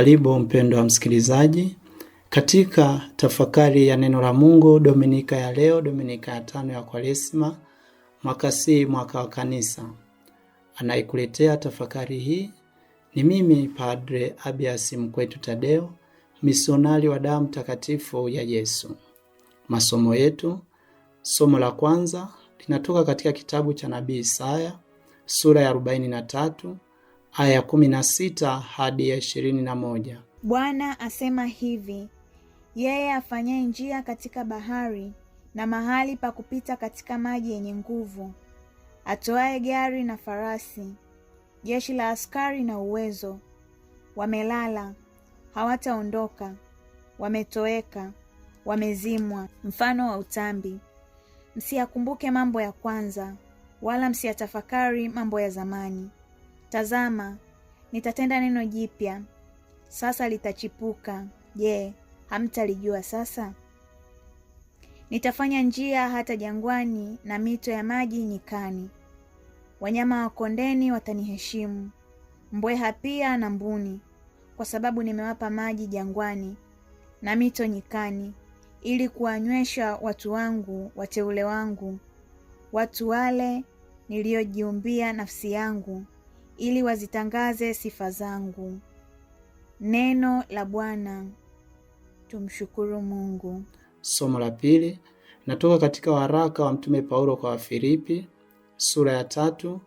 Karibu wa msikilizaji katika tafakari ya neno la Mungu Dominika ya leo, Dominika ya tano ya Kwaresma, mwaka C, mwaka wa Kanisa. Anayekuletea tafakari hii ni mimi Padre Abias Mkwetu Tadeo, misionari wa damu takatifu ya Yesu. Masomo yetu, somo la kwanza linatoka katika kitabu cha nabii Isaya sura ya 43 aya ya kumi na sita hadi ya ishirini na moja. Bwana asema hivi, yeye afanyaye njia katika bahari na mahali pa kupita katika maji yenye nguvu, atoaye gari na farasi, jeshi la askari na uwezo, wamelala hawataondoka, wametoweka, wamezimwa, mfano wa utambi. Msiyakumbuke mambo ya kwanza, wala msiyatafakari mambo ya zamani, Tazama, nitatenda neno jipya sasa, litachipuka. Je, hamtalijua sasa? Nitafanya njia hata jangwani na mito ya maji nyikani. Wanyama wa kondeni wataniheshimu, mbweha pia na mbuni, kwa sababu nimewapa maji jangwani na mito nyikani, ili kuwanywesha watu wangu, wateule wangu, watu wale niliyojiumbia nafsi yangu ili wazitangaze sifa zangu. Neno la Bwana. Tumshukuru Mungu. Somo la pili natoka katika waraka wa Mtume Paulo kwa Wafilipi sura ya tatu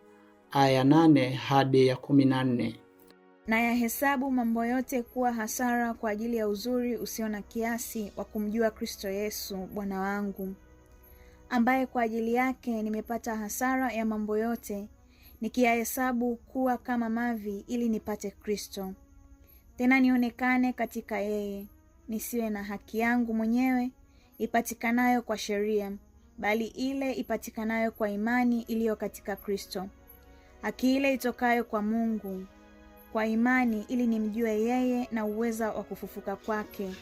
aya ya nane hadi ya kumi na nne. Na yahesabu mambo yote kuwa hasara kwa ajili ya uzuri usio na kiasi wa kumjua Kristo Yesu Bwana wangu, ambaye kwa ajili yake nimepata hasara ya mambo yote nikiyahesabu kuwa kama mavi, ili nipate Kristo, tena nionekane katika yeye, nisiwe na haki yangu mwenyewe ipatikanayo kwa sheria, bali ile ipatikanayo kwa imani iliyo katika Kristo, haki ile itokayo kwa Mungu kwa imani, ili nimjue yeye na uweza wa kufufuka kwake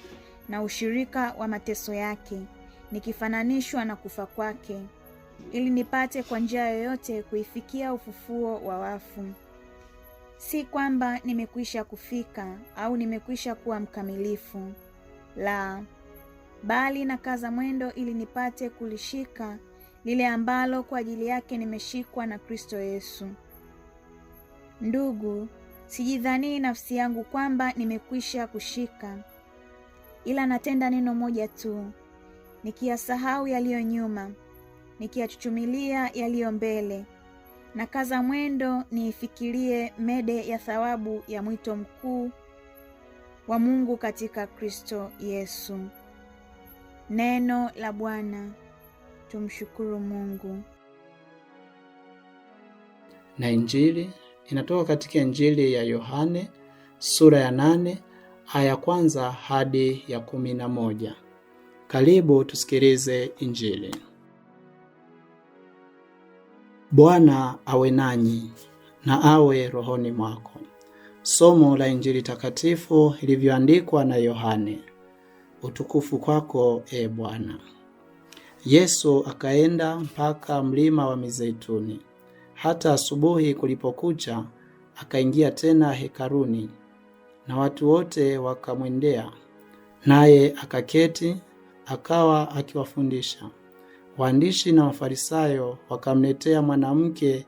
na ushirika wa mateso yake, nikifananishwa na kufa kwake ili nipate kwa njia yoyote kuifikia ufufuo wa wafu. Si kwamba nimekwisha kufika au nimekwisha kuwa mkamilifu, la, bali na kaza mwendo ili nipate kulishika lile ambalo kwa ajili yake nimeshikwa na Kristo Yesu. Ndugu, sijidhanii nafsi yangu kwamba nimekwisha kushika, ila natenda neno moja tu, nikiyasahau yaliyo nyuma nikiyachuchumilia yaliyo mbele na kaza mwendo niifikirie mede ya thawabu ya mwito mkuu wa Mungu katika Kristo Yesu. Neno la Bwana. Tumshukuru Mungu. Na injili inatoka katika Injili ya Yohane sura ya nane aya kwanza hadi ya kumi na moja. Karibu tusikilize Injili. Bwana awe nanyi na awe rohoni mwako. Somo la Injili takatifu ilivyoandikwa na Yohane. Utukufu kwako e Bwana. Yesu akaenda mpaka mlima wa Mizeituni. Hata asubuhi kulipokucha, akaingia tena hekaruni, na watu wote wakamwendea, naye akaketi, akawa akiwafundisha. Waandishi na Wafarisayo wakamletea mwanamke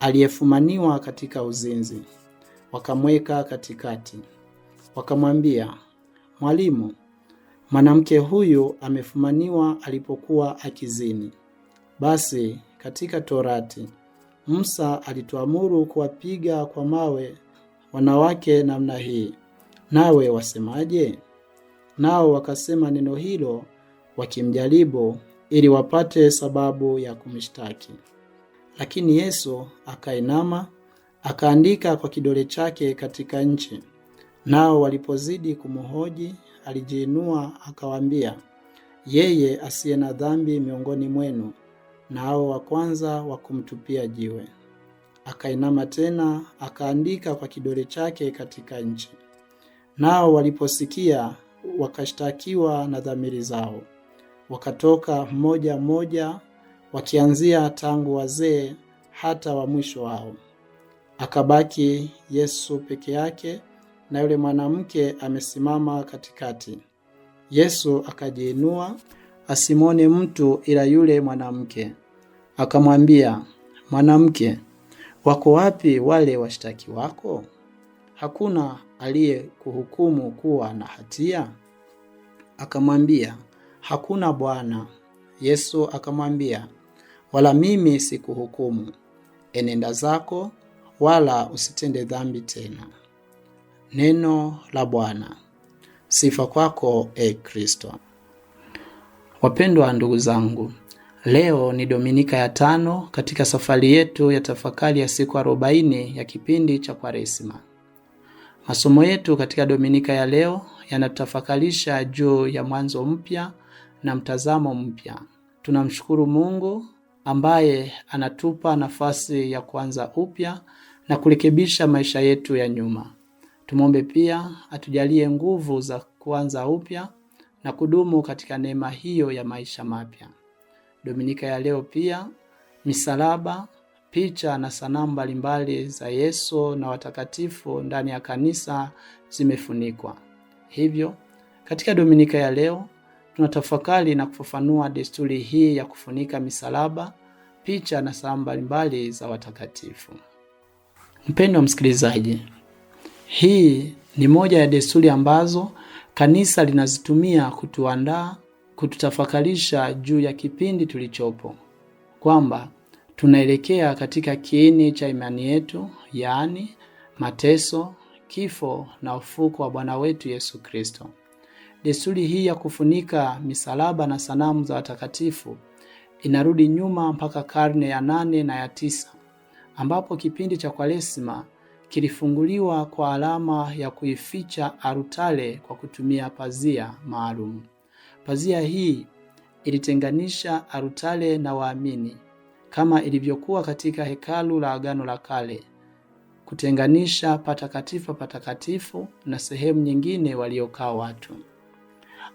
aliyefumaniwa katika uzinzi, wakamweka katikati, wakamwambia, Mwalimu, mwanamke huyu amefumaniwa alipokuwa akizini. Basi katika Torati Musa alituamuru kuwapiga kwa mawe wanawake namna hii, nawe wasemaje? Nao wakasema neno hilo wakimjaribu ili wapate sababu ya kumshtaki. Lakini Yesu akainama akaandika kwa kidole chake katika nchi. Nao walipozidi kumhoji, alijiinua akawaambia, yeye asiye na dhambi miongoni mwenu na hao wa kwanza wa kumtupia jiwe. Akainama tena akaandika kwa kidole chake katika nchi. Nao waliposikia wakashtakiwa na dhamiri zao wakatoka mmoja mmoja, wakianzia tangu wazee hata wa mwisho wao. Akabaki Yesu peke yake, na yule mwanamke amesimama katikati. Yesu akajiinua asimwone mtu ila yule mwanamke, akamwambia, Mwanamke, wako wapi wale washtaki wako? Hakuna aliyekuhukumu kuwa na hatia? Akamwambia, Hakuna Bwana. Yesu akamwambia, wala mimi sikuhukumu, enenda zako, wala usitende dhambi tena. Neno la Bwana. Sifa kwako e Kristo. Wapendwa ndugu zangu, leo ni Dominika ya tano katika safari yetu ya tafakari ya siku arobaini ya kipindi cha Kwaresima. Masomo yetu katika Dominika ya leo yanatafakarisha juu ya mwanzo mpya na mtazamo mpya. Tunamshukuru Mungu ambaye anatupa nafasi ya kuanza upya na kurekebisha maisha yetu ya nyuma. Tumwombe pia atujalie nguvu za kuanza upya na kudumu katika neema hiyo ya maisha mapya. Dominika ya leo pia misalaba, picha na sanamu mbalimbali za Yesu na watakatifu ndani ya kanisa zimefunikwa. Hivyo, katika Dominika ya leo tunatafakari na kufafanua desturi hii ya kufunika misalaba, picha na sanamu mbalimbali za watakatifu. Mpendwa msikilizaji, hii ni moja ya desturi ambazo kanisa linazitumia kutuandaa, kututafakarisha juu ya kipindi tulichopo, kwamba tunaelekea katika kiini cha imani yetu, yaani mateso, kifo na ufuko wa Bwana wetu Yesu Kristo. Desturi hii ya kufunika misalaba na sanamu za watakatifu inarudi nyuma mpaka karne ya nane na ya tisa ambapo kipindi cha Kwaresima kilifunguliwa kwa alama ya kuificha arutale kwa kutumia pazia maalum. Pazia hii ilitenganisha arutale na waamini kama ilivyokuwa katika hekalu la Agano la Kale, kutenganisha patakatifu patakatifu na sehemu nyingine waliokaa watu.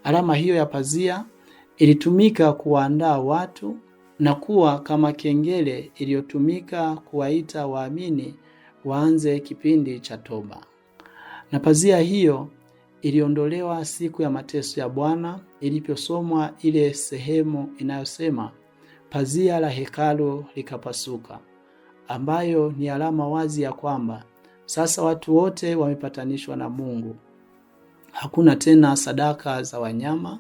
Alama hiyo ya pazia ilitumika kuwaandaa watu na kuwa kama kengele iliyotumika kuwaita waamini waanze kipindi cha toba. Na pazia hiyo iliondolewa siku ya mateso ya Bwana iliposomwa ile sehemu inayosema pazia la hekalu likapasuka, ambayo ni alama wazi ya kwamba sasa watu wote wamepatanishwa na Mungu Hakuna tena sadaka za wanyama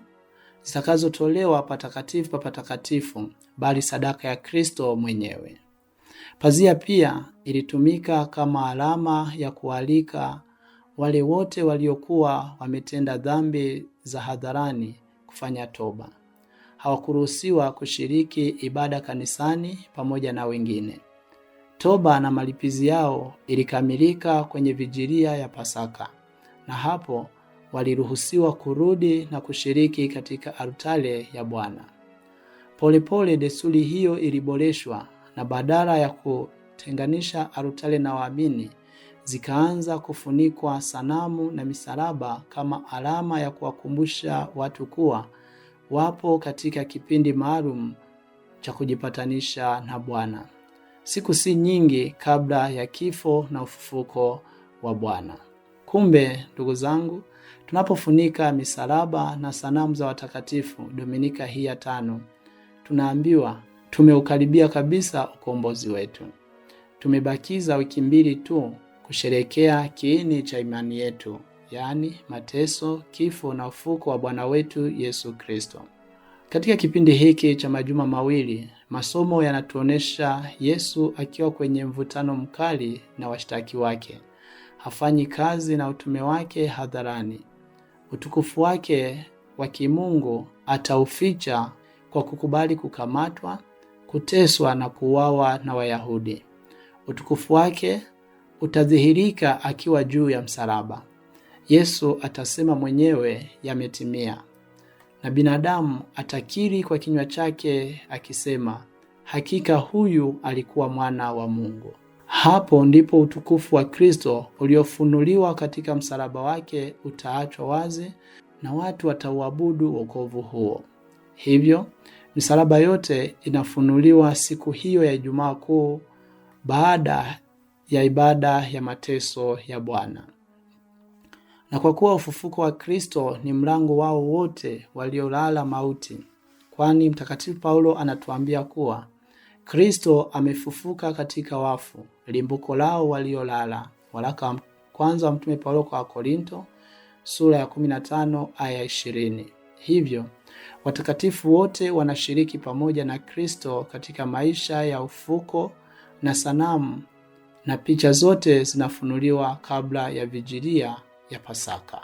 zitakazotolewa patakatifu pa patakatifu, bali sadaka ya Kristo mwenyewe. Pazia pia ilitumika kama alama ya kualika wale wote waliokuwa wametenda dhambi za hadharani kufanya toba. Hawakuruhusiwa kushiriki ibada kanisani pamoja na wengine. Toba na malipizi yao ilikamilika kwenye vijilia ya Pasaka, na hapo waliruhusiwa kurudi na kushiriki katika altare ya Bwana. Polepole desturi hiyo iliboreshwa na badala ya kutenganisha altare na waamini, zikaanza kufunikwa sanamu na misalaba kama alama ya kuwakumbusha watu kuwa wapo katika kipindi maalum cha kujipatanisha na Bwana. Siku si nyingi kabla ya kifo na ufufuko wa Bwana. Kumbe ndugu zangu, Tunapofunika misalaba na sanamu za watakatifu Dominika hii ya tano, tunaambiwa tumeukaribia kabisa ukombozi wetu. Tumebakiza wiki mbili tu kusherekea kiini cha imani yetu, yaani mateso, kifo na ufuko wa Bwana wetu Yesu Kristo. Katika kipindi hiki cha majuma mawili, masomo yanatuonesha Yesu akiwa kwenye mvutano mkali na washtaki wake hafanyi kazi na utume wake hadharani. Utukufu wake wa kimungu atauficha kwa kukubali kukamatwa, kuteswa na kuuawa na Wayahudi. Utukufu wake utadhihirika akiwa juu ya msalaba. Yesu atasema mwenyewe, yametimia, na binadamu atakiri kwa kinywa chake akisema, hakika huyu alikuwa mwana wa Mungu. Hapo ndipo utukufu wa Kristo uliofunuliwa katika msalaba wake utaachwa wazi na watu watauabudu wokovu huo. Hivyo misalaba yote inafunuliwa siku hiyo ya Ijumaa Kuu baada ya ibada ya mateso ya Bwana. Na kwa kuwa ufufuko wa Kristo ni mlango wao wote waliolala mauti, kwani Mtakatifu Paulo anatuambia kuwa Kristo amefufuka katika wafu, limbuko lao waliolala. Waraka wa kwanza wa Mtume Paulo kwa Wakorinto sura ya 15 aya 20. Hivyo watakatifu wote wanashiriki pamoja na Kristo katika maisha ya ufuko na sanamu, na picha zote zinafunuliwa kabla ya vijilia ya Pasaka.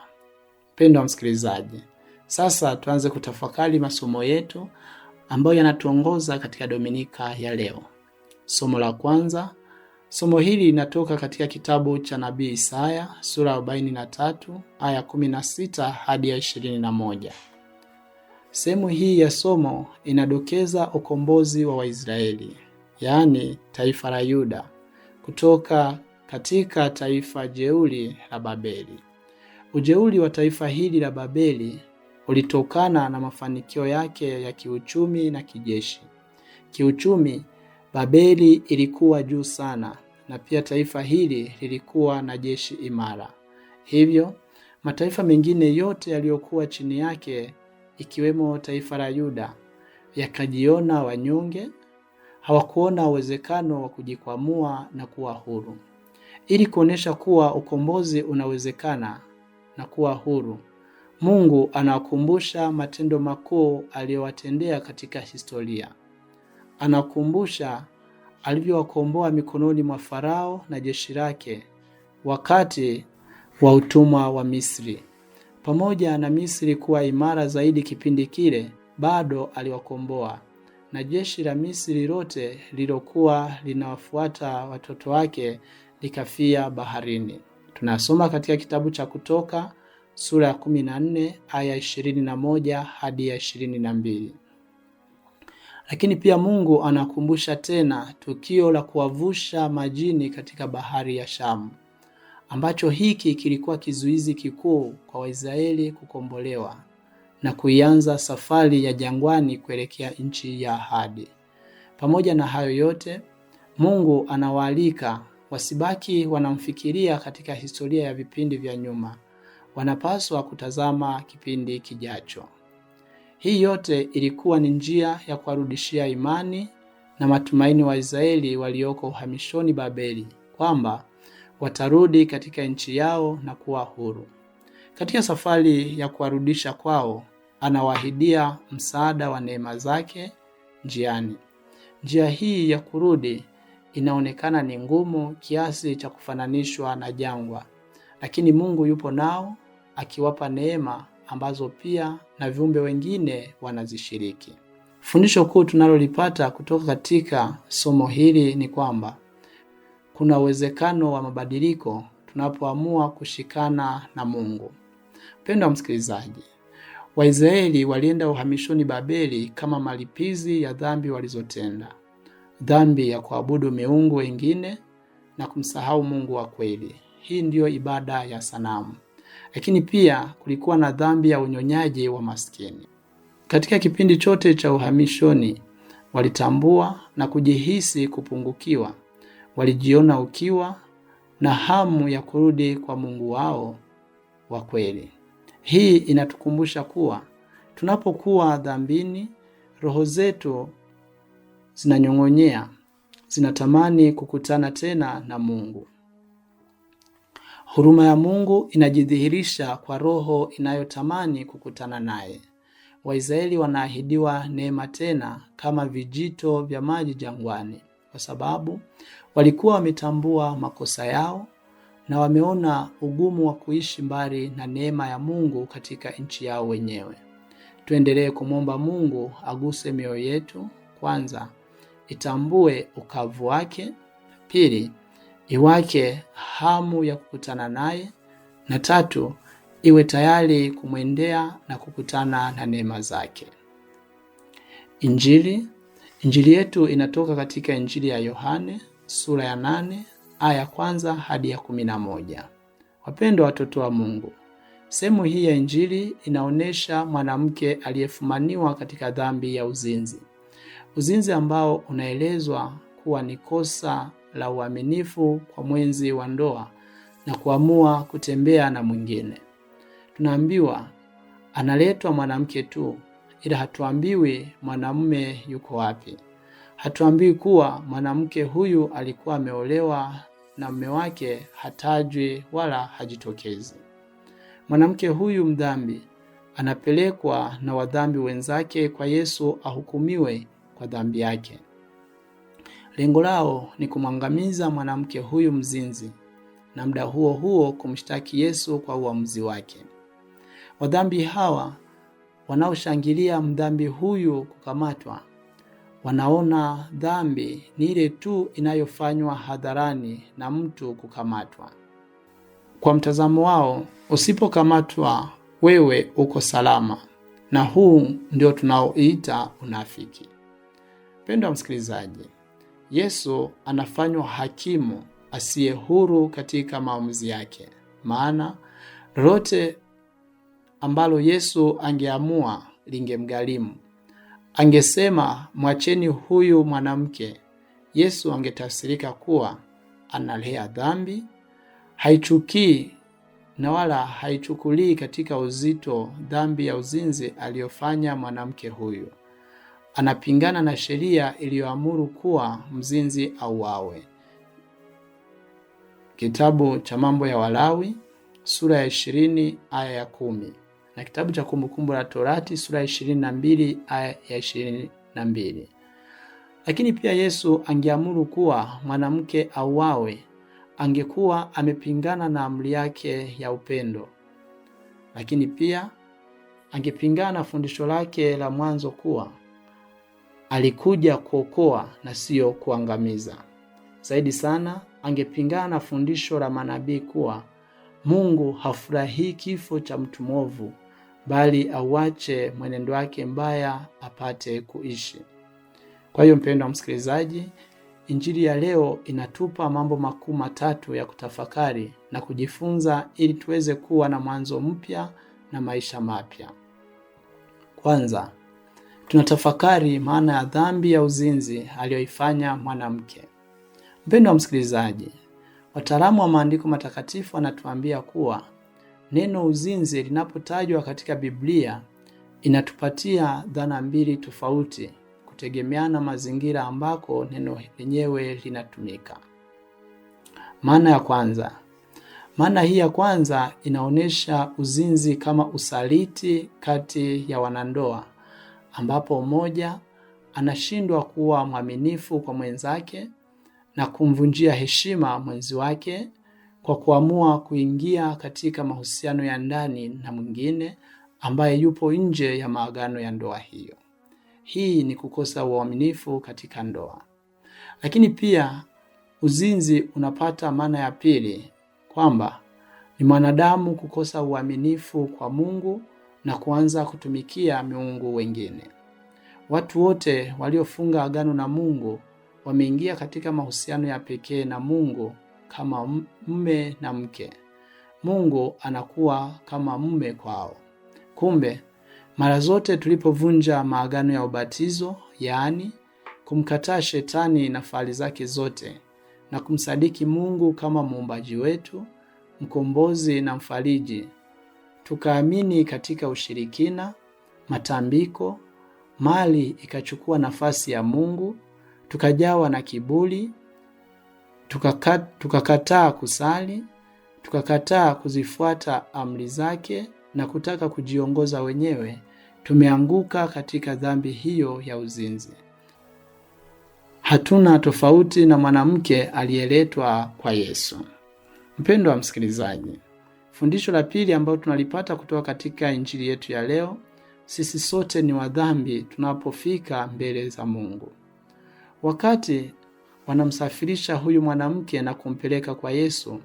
Mpendwa msikilizaji, sasa tuanze kutafakari masomo yetu ambayo yanatuongoza katika Dominika ya leo. Somo la kwanza. Somo hili linatoka katika kitabu cha nabii Isaya sura 43 aya 16 hadi ya 21. Sehemu hii ya somo inadokeza ukombozi wa Waisraeli, yaani taifa la Yuda kutoka katika taifa jeuli la Babeli. Ujeuli wa taifa hili la Babeli ulitokana na mafanikio yake ya kiuchumi na kijeshi. Kiuchumi, Babeli ilikuwa juu sana na pia taifa hili lilikuwa na jeshi imara. Hivyo mataifa mengine yote yaliyokuwa chini yake ikiwemo taifa la Yuda yakajiona wanyonge, hawakuona uwezekano wa kujikwamua na kuwa huru. Ili kuonesha kuwa ukombozi unawezekana na kuwa huru Mungu anakumbusha matendo makuu aliyowatendea katika historia. Anakumbusha alivyowakomboa mikononi mwa Farao na jeshi lake wakati wa utumwa wa Misri. Pamoja na Misri kuwa imara zaidi kipindi kile, bado aliwakomboa na jeshi la Misri lote lilokuwa linawafuata watoto wake likafia baharini. Tunasoma katika kitabu cha Kutoka sura ya 14 aya 21 hadi ya 22. Lakini pia Mungu anakumbusha tena tukio la kuwavusha majini katika bahari ya Shamu, ambacho hiki kilikuwa kizuizi kikuu kwa Waisraeli kukombolewa na kuianza safari ya jangwani kuelekea nchi ya ahadi. Pamoja na hayo yote, Mungu anawaalika wasibaki wanamfikiria katika historia ya vipindi vya nyuma wanapaswa kutazama kipindi kijacho. Hii yote ilikuwa ni njia ya kuwarudishia imani na matumaini wa israeli walioko uhamishoni Babeli, kwamba watarudi katika nchi yao na kuwa huru. Katika safari ya kuwarudisha kwao, anawaahidia msaada wa neema zake njiani. Njia hii ya kurudi inaonekana ni ngumu kiasi cha kufananishwa na jangwa, lakini Mungu yupo nao akiwapa neema ambazo pia na viumbe wengine wanazishiriki. Fundisho kuu tunalolipata kutoka katika somo hili ni kwamba kuna uwezekano wa mabadiliko tunapoamua kushikana na Mungu. Mpendwa msikilizaji, Waisraeli walienda uhamishoni Babeli kama malipizi ya dhambi walizotenda, dhambi ya kuabudu miungu wengine na kumsahau Mungu wa kweli. Hii ndiyo ibada ya sanamu. Lakini pia kulikuwa na dhambi ya unyonyaji wa maskini. Katika kipindi chote cha uhamishoni, walitambua na kujihisi kupungukiwa. Walijiona ukiwa na hamu ya kurudi kwa Mungu wao wa kweli. Hii inatukumbusha kuwa tunapokuwa dhambini, roho zetu zinanyong'onyea, zinatamani kukutana tena na Mungu. Huruma ya Mungu inajidhihirisha kwa roho inayotamani kukutana naye. Waisraeli wanaahidiwa neema tena kama vijito vya maji jangwani, kwa sababu walikuwa wametambua makosa yao na wameona ugumu wa kuishi mbali na neema ya Mungu katika nchi yao wenyewe. Tuendelee kumwomba Mungu aguse mioyo yetu, kwanza itambue ukavu wake, pili iwake hamu ya kukutana naye, na tatu, iwe tayari kumwendea na kukutana na neema zake. Injili Injili yetu inatoka katika Injili ya Yohane sura ya nane aya ya kwanza hadi ya kumi na moja. Wapendwa watoto wa Mungu, sehemu hii ya Injili inaonyesha mwanamke aliyefumaniwa katika dhambi ya uzinzi, uzinzi ambao unaelezwa kuwa ni kosa la uaminifu kwa mwenzi wa ndoa na kuamua kutembea na mwingine. Tunaambiwa analetwa mwanamke tu, ila hatuambiwi mwanamume yuko wapi. Hatuambiwi kuwa mwanamke huyu alikuwa ameolewa na mume wake hatajwi wala hajitokezi. Mwanamke huyu mdhambi anapelekwa na wadhambi wenzake kwa Yesu ahukumiwe kwa dhambi yake. Lengo lao ni kumwangamiza mwanamke huyu mzinzi na muda huo huo kumshtaki Yesu kwa uamuzi wake. Wadhambi hawa wanaoshangilia mdhambi huyu kukamatwa wanaona dhambi ni ile tu inayofanywa hadharani na mtu kukamatwa. Kwa mtazamo wao, usipokamatwa wewe uko salama, na huu ndio tunaoita unafiki. Mpendwa msikilizaji, Yesu anafanywa hakimu asiye huru katika maamuzi yake, maana lolote ambalo Yesu angeamua lingemgharimu. Angesema mwacheni huyu mwanamke, Yesu angetafsirika kuwa analea dhambi, haichukii na wala haichukulii katika uzito dhambi ya uzinzi aliyofanya mwanamke huyu anapingana na sheria iliyoamuru kuwa mzinzi auawe. Kitabu cha Mambo ya Walawi sura ya ishirini aya ya kumi na kitabu cha Kumbukumbu la Torati sura ya ishirini na mbili aya ya ishirini na mbili. Lakini pia Yesu angeamuru kuwa mwanamke auawe, angekuwa amepingana na amri yake ya upendo, lakini pia angepingana fundisho lake la mwanzo kuwa alikuja kuokoa na siyo kuangamiza. Zaidi sana angepingana na fundisho la manabii kuwa Mungu hafurahii kifo cha mtu mwovu, bali auache mwenendo wake mbaya apate kuishi. Kwa hiyo, mpendo wa msikilizaji, Injili ya leo inatupa mambo makuu matatu ya kutafakari na kujifunza ili tuweze kuwa na mwanzo mpya na maisha mapya. Kwanza, tunatafakari maana ya dhambi ya uzinzi aliyoifanya mwanamke. Mpendo wa msikilizaji, wataalamu wa maandiko matakatifu wanatuambia kuwa neno uzinzi linapotajwa katika Biblia inatupatia dhana mbili tofauti kutegemeana mazingira ambako neno lenyewe linatumika. Maana ya kwanza, maana hii ya kwanza inaonyesha uzinzi kama usaliti kati ya wanandoa ambapo mmoja anashindwa kuwa mwaminifu kwa mwenzake na kumvunjia heshima mwenzi wake kwa kuamua kuingia katika mahusiano ya ndani na mwingine ambaye yupo nje ya maagano ya ndoa hiyo. Hii ni kukosa uaminifu katika ndoa. Lakini pia uzinzi unapata maana ya pili kwamba ni mwanadamu kukosa uaminifu kwa Mungu na kuanza kutumikia miungu wengine. Watu wote waliofunga agano na Mungu wameingia katika mahusiano ya pekee na Mungu kama mume na mke. Mungu anakuwa kama mume kwao. Kumbe mara zote tulipovunja maagano ya ubatizo, yaani kumkataa shetani na fahari zake zote na kumsadiki Mungu kama muumbaji wetu, mkombozi na mfariji, tukaamini katika ushirikina, matambiko, mali ikachukua nafasi ya Mungu, tukajawa na kiburi, tukakataa kusali, tukakataa kuzifuata amri zake na kutaka kujiongoza wenyewe, tumeanguka katika dhambi hiyo ya uzinzi. Hatuna tofauti na mwanamke aliyeletwa kwa Yesu. Mpendwa msikilizaji, Fundisho la pili ambalo tunalipata kutoka katika injili yetu ya leo, sisi sote ni wadhambi tunapofika mbele za Mungu. Wakati wanamsafirisha huyu mwanamke na kumpeleka kwa Yesu,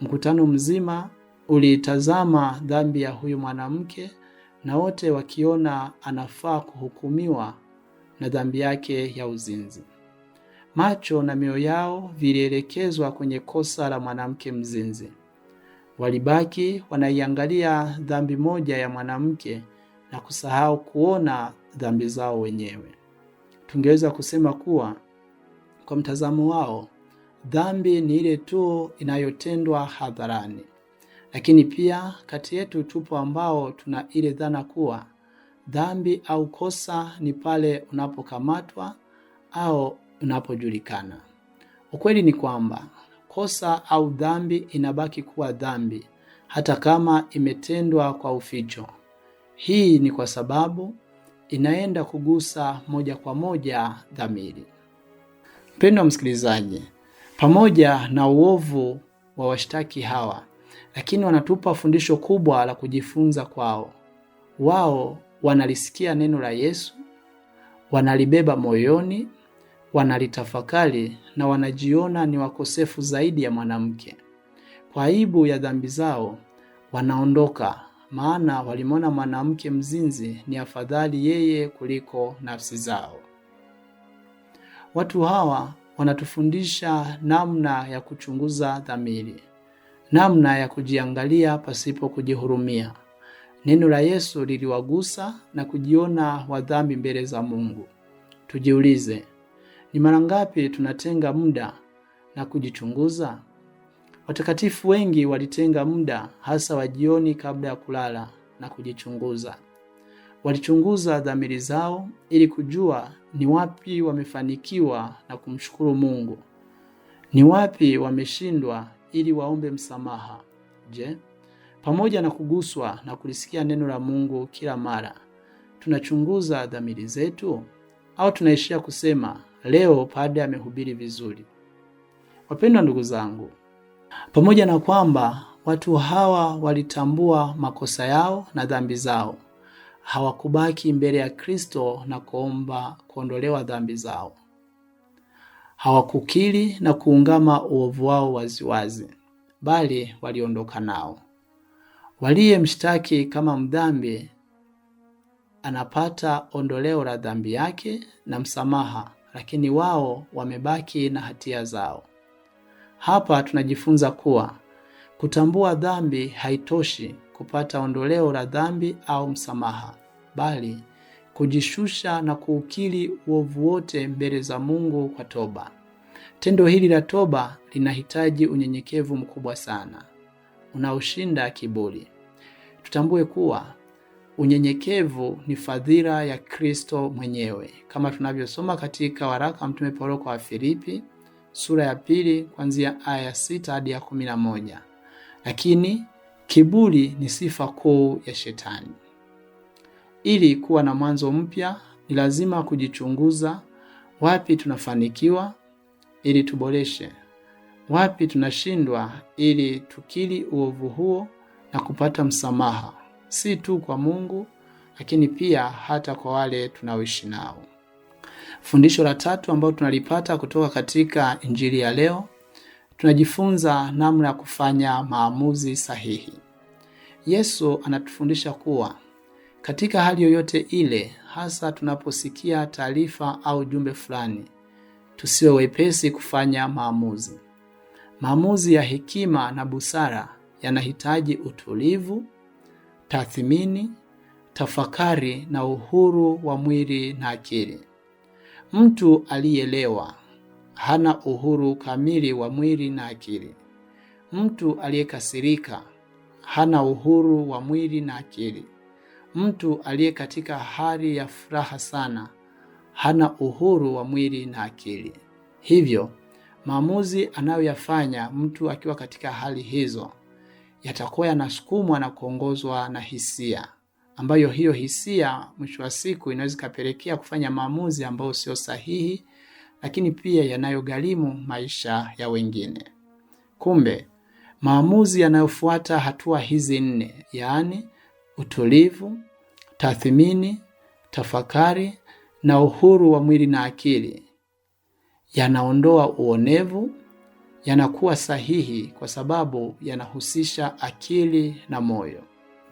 mkutano mzima uliitazama dhambi ya huyu mwanamke, na wote wakiona anafaa kuhukumiwa na dhambi yake ya uzinzi. Macho na mioyo yao vilielekezwa kwenye kosa la mwanamke mzinzi. Walibaki wanaiangalia dhambi moja ya mwanamke na kusahau kuona dhambi zao wenyewe. Tungeweza kusema kuwa kwa mtazamo wao dhambi ni ile tu inayotendwa hadharani, lakini pia kati yetu tupo ambao tuna ile dhana kuwa dhambi au kosa ni pale unapokamatwa au unapojulikana. Ukweli ni kwamba kosa au dhambi inabaki kuwa dhambi hata kama imetendwa kwa uficho. Hii ni kwa sababu inaenda kugusa moja kwa moja dhamiri. Mpendwa msikilizaji, pamoja na uovu wa washtaki hawa, lakini wanatupa fundisho kubwa la kujifunza kwao. Wao wanalisikia neno la Yesu, wanalibeba moyoni wanalitafakari na wanajiona ni wakosefu zaidi ya mwanamke. Kwa aibu ya dhambi zao wanaondoka, maana walimwona mwanamke mzinzi ni afadhali yeye kuliko nafsi zao. Watu hawa wanatufundisha namna ya kuchunguza dhamiri, namna ya kujiangalia pasipo kujihurumia. Neno la Yesu liliwagusa na kujiona wadhambi mbele za Mungu. Tujiulize, ni mara ngapi tunatenga muda na kujichunguza? Watakatifu wengi walitenga muda hasa wa jioni kabla ya kulala na kujichunguza. Walichunguza dhamiri zao ili kujua ni wapi wamefanikiwa na kumshukuru Mungu, ni wapi wameshindwa ili waombe msamaha. Je, pamoja na kuguswa na kulisikia neno la Mungu kila mara tunachunguza dhamiri zetu au tunaishia kusema Leo padre amehubiri vizuri. Wapendwa ndugu zangu, pamoja na kwamba watu hawa walitambua makosa yao na dhambi zao, hawakubaki mbele ya Kristo na kuomba kuondolewa dhambi zao. Hawakukiri na kuungama uovu wao waziwazi, bali waliondoka nao. waliye mshtaki kama mdhambi anapata ondoleo la dhambi yake na msamaha lakini wao wamebaki na hatia zao. Hapa tunajifunza kuwa kutambua dhambi haitoshi kupata ondoleo la dhambi au msamaha, bali kujishusha na kuukiri uovu wote mbele za Mungu kwa toba. Tendo hili la toba linahitaji unyenyekevu mkubwa sana unaoshinda kiburi. Tutambue kuwa Unyenyekevu ni fadhila ya Kristo mwenyewe kama tunavyosoma katika waraka Mtume Paulo kwa Wafilipi sura ya pili kuanzia aya ya sita hadi ya kumi na moja. Lakini kiburi ni sifa kuu ya Shetani. Ili kuwa na mwanzo mpya, ni lazima kujichunguza, wapi tunafanikiwa ili tuboreshe, wapi tunashindwa ili tukiri uovu huo na kupata msamaha si tu kwa Mungu, lakini pia hata kwa wale tunaoishi nao. Fundisho la tatu ambalo tunalipata kutoka katika injili ya leo, tunajifunza namna ya kufanya maamuzi sahihi. Yesu anatufundisha kuwa katika hali yoyote ile, hasa tunaposikia taarifa au jumbe fulani, tusiwe wepesi kufanya maamuzi. Maamuzi ya hekima na busara yanahitaji utulivu tathmini, tafakari na uhuru wa mwili na akili. Mtu aliyelewa hana uhuru kamili wa mwili na akili. Mtu aliyekasirika hana uhuru wa mwili na akili. Mtu aliye katika hali ya furaha sana hana uhuru wa mwili na akili. Hivyo, maamuzi anayoyafanya mtu akiwa katika hali hizo yatakuwa yanasukumwa na kuongozwa na hisia, ambayo hiyo hisia mwisho wa siku inaweza ikapelekea kufanya maamuzi ambayo sio sahihi, lakini pia yanayogharimu maisha ya wengine. Kumbe maamuzi yanayofuata hatua hizi nne, yaani utulivu, tathmini, tafakari na uhuru wa mwili na akili, yanaondoa uonevu yanakuwa sahihi kwa sababu yanahusisha akili na moyo.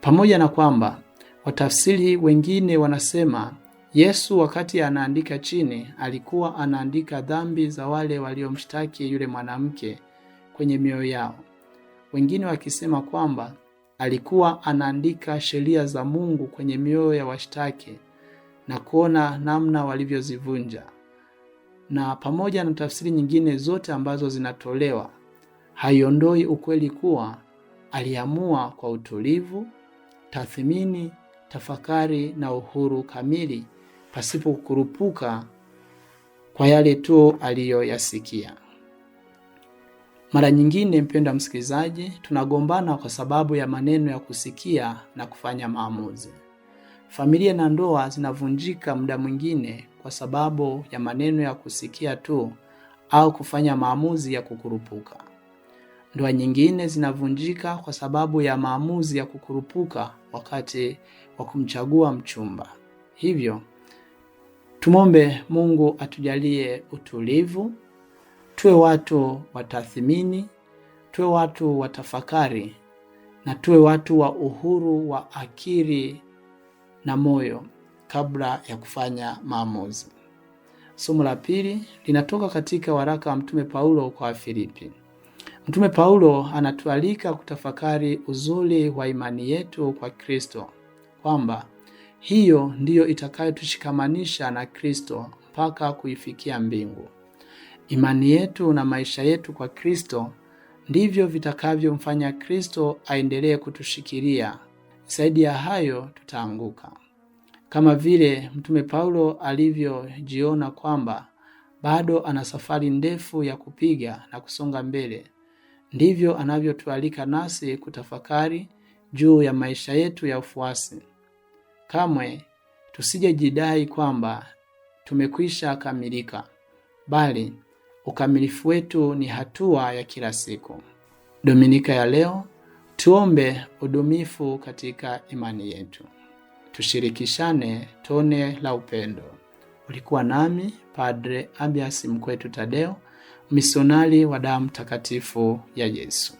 Pamoja na kwamba watafsiri wengine wanasema Yesu wakati anaandika chini alikuwa anaandika dhambi za wale waliomshtaki yule mwanamke kwenye mioyo yao, wengine wakisema kwamba alikuwa anaandika sheria za Mungu kwenye mioyo ya washtaki na kuona namna walivyozivunja na pamoja na tafsiri nyingine zote ambazo zinatolewa, haiondoi ukweli kuwa aliamua kwa utulivu, tathmini, tafakari na uhuru kamili pasipo kukurupuka kwa yale tu aliyoyasikia. Mara nyingine, mpendwa msikilizaji, tunagombana kwa sababu ya maneno ya kusikia na kufanya maamuzi. Familia na ndoa zinavunjika muda mwingine kwa sababu ya maneno ya kusikia tu au kufanya maamuzi ya kukurupuka. Ndoa nyingine zinavunjika kwa sababu ya maamuzi ya kukurupuka wakati wa kumchagua mchumba. Hivyo tumombe Mungu atujalie utulivu, tuwe watu wa tuwe watu wa tafakari na tuwe watu wa uhuru wa akili na moyo kabla ya kufanya maamuzi. Somo la pili linatoka katika waraka wa Mtume Paulo kwa Wafilipi. Mtume Paulo anatualika kutafakari uzuri wa imani yetu kwa Kristo, kwamba hiyo ndiyo itakayotushikamanisha na Kristo mpaka kuifikia mbingu. Imani yetu na maisha yetu kwa Kristo ndivyo vitakavyomfanya Kristo aendelee kutushikilia. Zaidi ya hayo tutaanguka kama vile Mtume Paulo alivyojiona kwamba bado ana safari ndefu ya kupiga na kusonga mbele, ndivyo anavyotualika nasi kutafakari juu ya maisha yetu ya ufuasi. Kamwe tusijejidai kwamba tumekwisha kamilika, bali ukamilifu wetu ni hatua ya kila siku. Dominika ya leo tuombe udumifu katika imani yetu tushirikishane tone la upendo. Ulikuwa nami Padre Abias Mkwetu Tadeo, misionari wa damu takatifu ya Yesu.